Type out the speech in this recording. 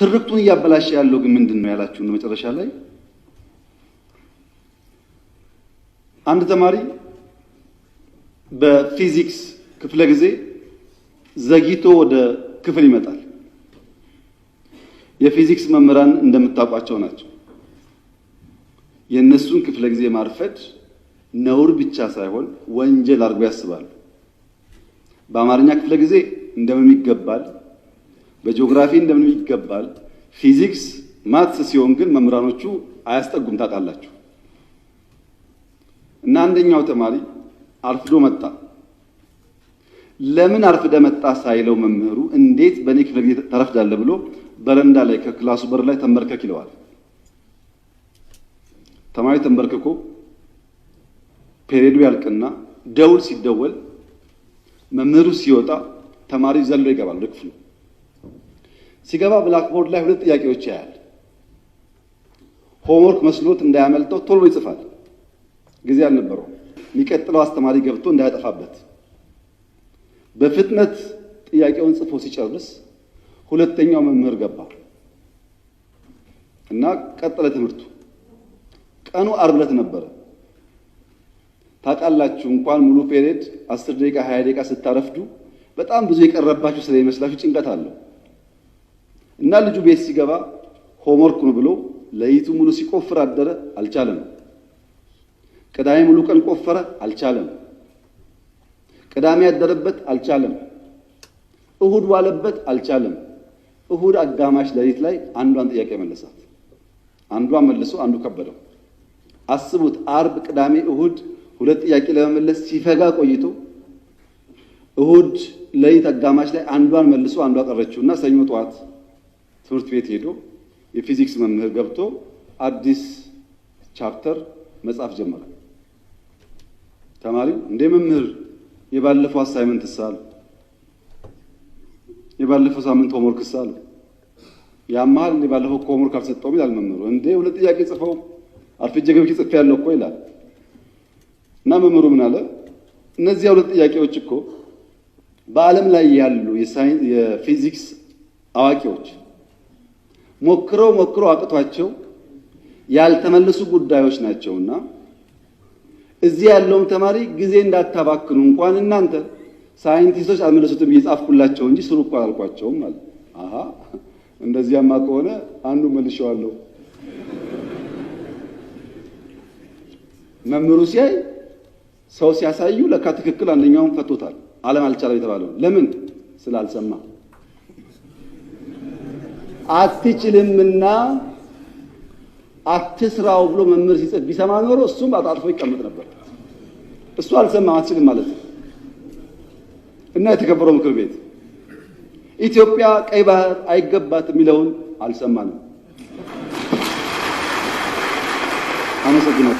ትርክቱን እያበላሸ ያለው ግን ምንድን ነው ያላችሁ ነው። መጨረሻ ላይ አንድ ተማሪ በፊዚክስ ክፍለ ጊዜ ዘግይቶ ወደ ክፍል ይመጣል። የፊዚክስ መምህራን እንደምታውቋቸው ናቸው። የእነሱን ክፍለ ጊዜ ማርፈድ ነውር ብቻ ሳይሆን ወንጀል አድርጎ ያስባሉ። በአማርኛ ክፍለ ጊዜ እንደምን ይገባል በጂኦግራፊ እንደምን ይገባል። ፊዚክስ ማትስ ሲሆን ግን መምህራኖቹ አያስጠጉም ታውቃላችሁ። እና አንደኛው ተማሪ አርፍዶ መጣ። ለምን አርፍደ መጣ ሳይለው መምህሩ እንዴት በእኔ ክፍለ ጊዜ ብሎ በረንዳ ላይ ከክላሱ በር ላይ ተንበርከክ ይለዋል። ተማሪ ተንበርክኮ ፔሬዱ ያልቅና ደውል ሲደወል መምህሩ ሲወጣ ተማሪ ዘሎ ይገባል ወደ ክፍሉ። ሲገባ ብላክቦርድ ላይ ሁለት ጥያቄዎች ያያል። ሆምወርክ መስሎት እንዳያመልጠው ቶሎ ይጽፋል። ጊዜ አልነበረው። የሚቀጥለው አስተማሪ ገብቶ እንዳያጠፋበት በፍጥነት ጥያቄውን ጽፎ ሲጨርስ ሁለተኛው መምህር ገባ እና ቀጠለ ትምህርቱ። ቀኑ ዓርብ ዕለት ነበረ። ታውቃላችሁ እንኳን ሙሉ ፔሬድ አስር ደቂቃ 20 ደቂቃ ስታረፍዱ በጣም ብዙ የቀረባችሁ ስለሚመስላችሁ ጭንቀት አለው። እና ልጁ ቤት ሲገባ ሆምወርክ ነው ብሎ ለይቱ ሙሉ ሲቆፍር አደረ፣ አልቻለም። ቅዳሜ ሙሉ ቀን ቆፈረ፣ አልቻለም። ቅዳሜ ያደረበት አልቻለም። እሁድ ዋለበት አልቻለም። እሁድ አጋማሽ ለይት ላይ አንዷን ጥያቄ መለሳት። አንዷን መልሶ አንዱ ከበደው። አስቡት፣ አርብ፣ ቅዳሜ፣ እሁድ ሁለት ጥያቄ ለመመለስ ሲፈጋ ቆይቶ እሁድ ለይት አጋማሽ ላይ አንዷን መልሶ አንዷ እና ሰኞ ጠዋት ትምህርት ቤት ሄዶ የፊዚክስ መምህር ገብቶ አዲስ ቻፕተር መጻፍ ጀመረ። ተማሪው እንደ መምህር የባለፈው አሳይመንት ሳል የባለፈው ሳምንት ሆምወርክ ሳል ያማል የባለፈው ሆምወርክ አልሰጠውም ይላል መምህሩ። እንደ ሁለት ጥያቄ ጽፈው አርፍጄ ገብቼ ጽፌ ያለው እኮ ይላል እና መምህሩ ምን አለ እነዚያ ሁለት ጥያቄዎች እኮ በዓለም ላይ ያሉ የሳይንስ የፊዚክስ አዋቂዎች ሞክረው ሞክረው አቅቷቸው ያልተመለሱ ጉዳዮች ናቸውና እዚህ ያለውም ተማሪ ጊዜ እንዳታባክኑ እንኳን እናንተ ሳይንቲስቶች አልመለሱትም እየጻፍኩላቸው እንጂ ስሩ እኮ አላልኳቸውም አለ። አሀ እንደዚያማ ከሆነ አንዱ መልሼዋለሁ። መምህሩ ሲያይ ሰው ሲያሳዩ ለካ ትክክል አንደኛውን ፈቶታል። አለም አልቻለም የተባለው ለምን ስላልሰማ አትችልምና አትስራው ብሎ መምህር ሲጽፍ ቢሰማ ኖሮ እሱም አጣጥፎ ይቀመጥ ነበር። እሱ አልሰማም፣ አትችልም ማለት ነው። እና የተከበረው ምክር ቤት ኢትዮጵያ ቀይ ባህር አይገባትም የሚለውን አልሰማንም። አመሰግናለሁ።